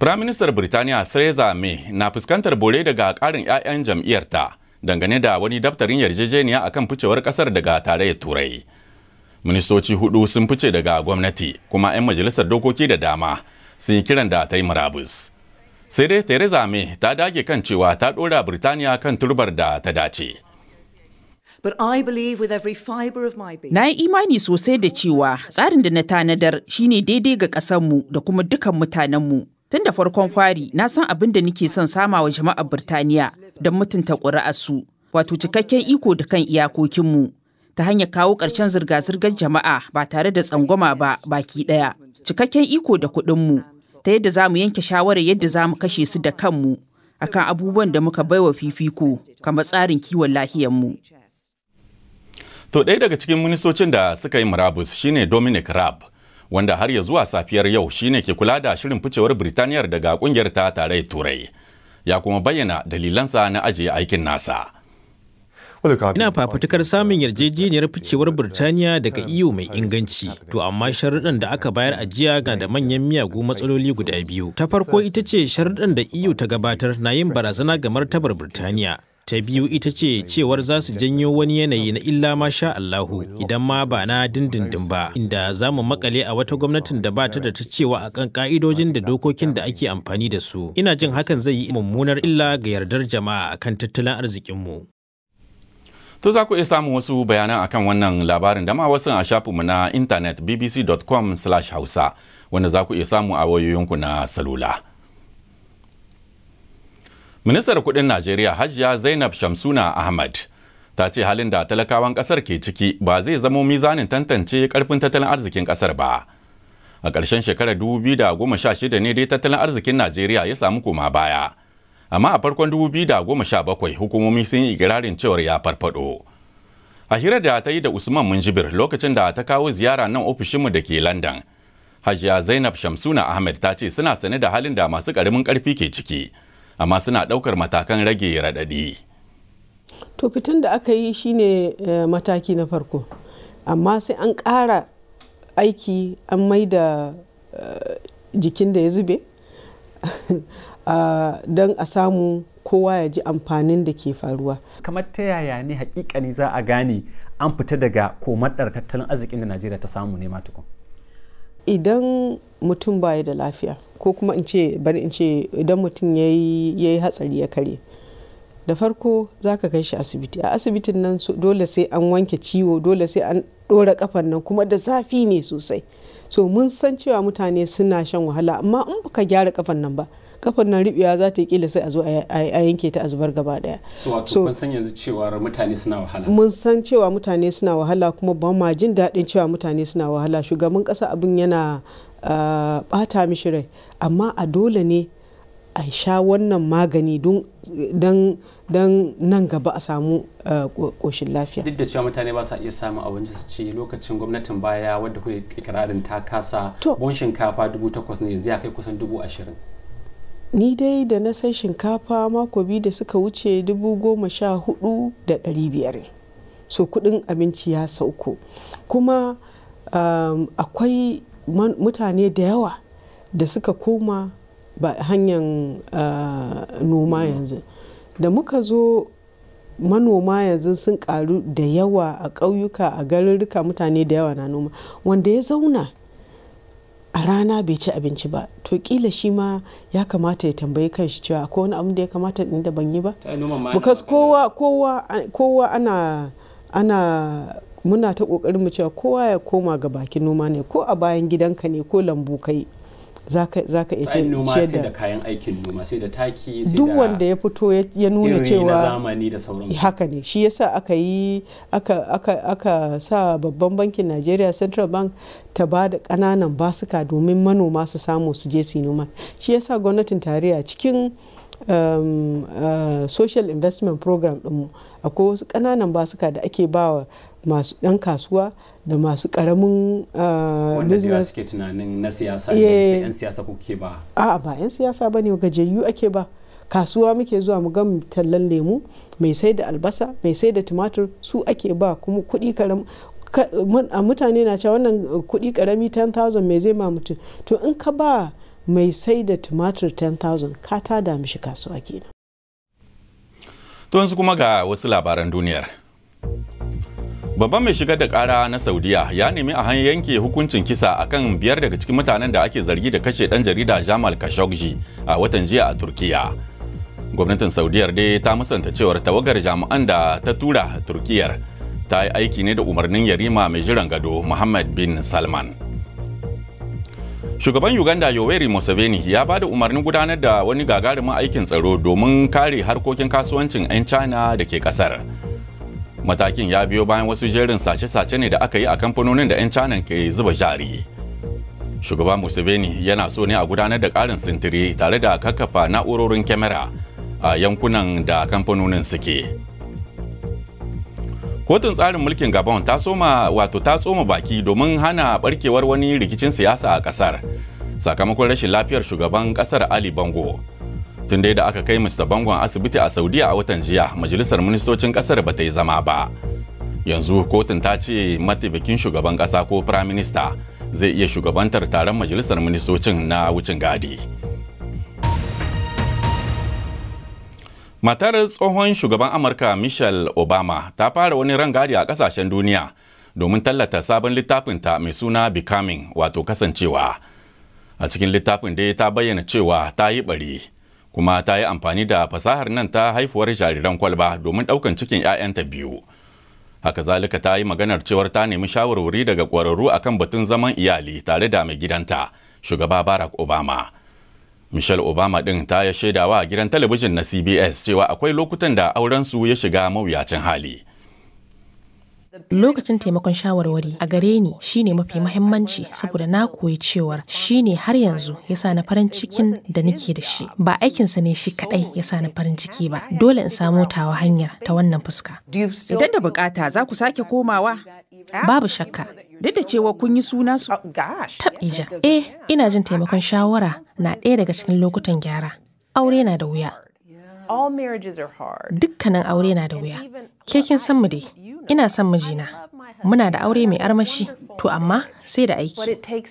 Firaministar Birtaniya Theresa May na fuskantar bore daga ƙarin 'ya'yan jam'iyyarta dangane da wani daftarin yarjejeniya a kan ficewar ƙasar daga tare tarayyar Turai. Ministoci hudu sun fice daga gwamnati kuma 'yan majalisar dokoki da dama sun yi kiran da ta yi murabus. Sai dai Theresa May ta dage kan cewa ta ɗora Birtaniya kan turbar da ta dace. Na yi imani sosai da cewa tsarin da na tanadar shine daidai ga ƙasarmu da kuma dukan mutanenmu. Tun da farkon fari na san abin da nake son sama wa jama'ar Birtaniya don mutunta ƙuri'arsu, wato cikakken iko da kan iyakokinmu ta hanyar kawo ƙarshen zirga-zirgar jama'a ba tare da tsangwama ba baki ɗaya. Cikakken iko da kuɗinmu ta yadda za mu yanke shawarar yadda za mu kashe su da kanmu akan abubuwan da muka baiwa fifiko kamar tsarin kiwon lahiyarmu. To ɗaya daga cikin ministocin da suka yi murabus shine Dominic Raab wanda har ya zuwa safiyar yau shine ke kula da shirin ficewar Birtaniyar daga kungiyar ta tarayyar Turai. Ya kuma bayyana dalilansa na ajiye aikin nasa. Ina fafutukar samun yarjejeniyar ficewar Birtaniya daga EU mai inganci, to amma sharuɗan da aka bayar a jiya ga da manyan miyagu matsaloli guda biyu. Ta farko ita ce sharuɗan da EU ta gabatar na yin barazana ga martabar Birtaniya. ta biyu ita ce cewar za su janyo wani yanayi na illa ma sha Allahu idan ma ba na dindindin ba inda za mu makale a wata gwamnatin da ba ta da ta cewa a kan ka'idojin da dokokin da ake amfani da su ina jin hakan zai yi mummunar illa ga yardar jama'a akan tattalin arzikinmu. To za ku iya samun wasu bayanan akan wannan labarin da ma wasu a shafinmu na intanet bbc.com/hausa wanda za ku iya samu a wayoyinku na salula. ministar kudin najeriya hajiya zainab shamsuna ahmad ta ce halin da talakawan kasar ke ciki ba zai zamo mizanin tantance karfin tattalin arzikin kasar ba a ƙarshen shekarar 2016 ne dai tattalin arzikin najeriya ya samu koma baya amma a farkon 2017 hukumomi sun yi ikirarin cewar ya farfado a hira da ta yi da usman munjibir lokacin da ta kawo ziyara nan ofishinmu da ke london hajiya zainab shamsuna ahmed ta ce suna sane da halin da masu ƙaramin ƙarfi ke ciki amma suna ɗaukar matakan rage raɗaɗi. to fitan da aka yi shine eh, mataki na farko amma sai an ƙara aiki an mai da eh, jikin da ya zube don a samu kowa ya ji amfanin da ke faruwa. kamar ta yaya ne hakikani za a gane an fita daga komar tattalin arzikin da najeriya ta samu ne matukun. idan mutum baya da lafiya ko kuma in ce bari in ce idan mutum ya yi hatsari ya kare da farko za ka kai shi asibiti a asibitin nan dole sai an wanke ciwo dole sai an ɗora kafan nan kuma da zafi ne sosai so mun san cewa mutane suna shan wahala amma in baka gyara kafan nan ba kafan nan riɓewa za ta yi kila sai a zo a yanke ta a zubar gaba daya so kun san yanzu cewa mutane suna wahala mun san cewa mutane suna wahala kuma ba ma jin daɗin cewa mutane suna wahala shugaban ƙasa abin yana bata ah, mishi rai amma a dole ne a sha wannan magani don don nan gaba a samu ƙoshin ah, lafiya. Duk da cewa mutane ba sa iya samun abinci su ce lokacin gwamnatin baya wadda kuke ikirarin ta kasa bon shinkafa dubu takwas ne yanzu ya kai kusan dubu ashirin. Ni dai da na san shinkafa mako biyu da suka wuce dubu goma sha hudu da 14,500 biyar So kudin abinci ya sauko. Kuma um, akwai mutane da yawa da suka koma ba hanyar uh, noma yanzu. Da muka zo manoma yanzu sun karu da yawa a ƙauyuka a garuruka mutane da yawa na noma. Wanda ya zauna a rana bai ci abinci ba to kila shi ma ya kamata ya tambayi kanshi cewa akwai wani abin da ya kamata in da ban yi ba because kowa ana ana muna ta kokarin mu cewa kowa ya koma ga bakin noma ne ko a bayan gidanka ne ko lambu kai za ka iya ce noma da kayan aikin noma sai da taki sai da duk wanda ya fito ya nuna cewa zamani haka ne shi yasa aka yi aka sa babban bankin Najeriya Central Bank ta ba da kananan basuka domin manoma su samu su je su noma shi yasa gwamnatin tarayya cikin um, uh, social investment program ɗinmu akwai wasu ƙananan basuka da ake bawa masu ɗan kasuwa da masu ƙaramin ah, business suke tunanin na siyasa ne eh. yan siyasa kuke ba a'a ba yan siyasa ba ne gajiyayyu ake ba kasuwa muke zuwa mu ga tallan lemu mai sai da albasa mai sai da tumatir su ake ba kuma kuɗi karamin a mutane na cewa wannan kuɗi karami 10,000 mai zai ma mutum to in ka ba mai sai da tumatir 10,000 ka ta damu mishi kasuwa kenan. To yanzu kuma ga wasu labaran duniyar. Babban mai shigar da kara na Saudiya ya nemi a hanyar yanke hukuncin kisa akan biyar daga cikin mutanen da ake zargi da kashe dan jarida Jamal Khashoggi a watan jiya a Turkiya. Gwamnatin Saudiyar dai ta musanta cewar tawagar jami'an da ta tura Turkiyar ta yi aiki ne da umarnin yarima mai jiran gado Muhammad bin Salman. Shugaban Uganda Yoweri Museveni ya ba da umarnin gudanar da wani gagarumin aikin tsaro domin kare harkokin kasuwancin 'yan China da ke kasar. matakin ya biyo bayan wasu jerin sace-sace ne da aka yi a kamfanonin da 'yan canan ke zuba jari shugaba museveni yana so ne a gudanar da karin sintiri tare da kakafa na'urorin kyamara a yankunan da kamfanonin suke kotun tsarin mulkin gabon ta soma wato ta tsoma baki domin hana barkewar wani rikicin siyasa a kasar sakamakon rashin lafiyar shugaban kasar ali bango tun dai da aka kai mr bangon asibiti a saudiya a watan jiya majalisar ministocin kasar ba ta yi zama ba yanzu kotun ta ce mataimakin shugaban kasa ko prime minister zai iya shugabantar taron majalisar ministocin na wucin gadi matar tsohon shugaban amurka michelle obama ta fara wani rangadi a kasashen duniya domin tallata sabon littafinta mai suna becoming wato kasancewa a cikin littafin dai ta bayyana cewa ta yi bari kuma ta yi amfani da fasahar nan ta haifuwar jariran kwalba domin ɗaukan cikin 'ya'yanta biyu haka zalika ta yi maganar cewar ta nemi shawarwari daga ƙwararru akan batun zaman iyali tare da mai gidanta shugaba barack obama michelle obama ɗin ta ya shaidawa a gidan talabijin na cbs cewa akwai lokutan da auren su ya shiga mawuyacin hali Lokacin taimakon shawarwari a gare ni shine mafi mahimmanci saboda na koyi cewar shine har yanzu ya sa na farin cikin da nake da shi. Ba aikinsa ne shi kaɗai sa na farin ciki ba. Dole in samo tawa hanya ta wannan fuska. Idan da bukata za ku sake komawa? Babu shakka. Duk da cewa kun yi suna su. Oh, Tabija. Eh, ina jin taimakon shawara na ɗaya daga cikin lokutan gyara. Aure na da wuya. Dukkanin aure na da wuya. Ke kin san mu dai, ina son mijina. Muna da aure mai armashi, to amma sai da aiki.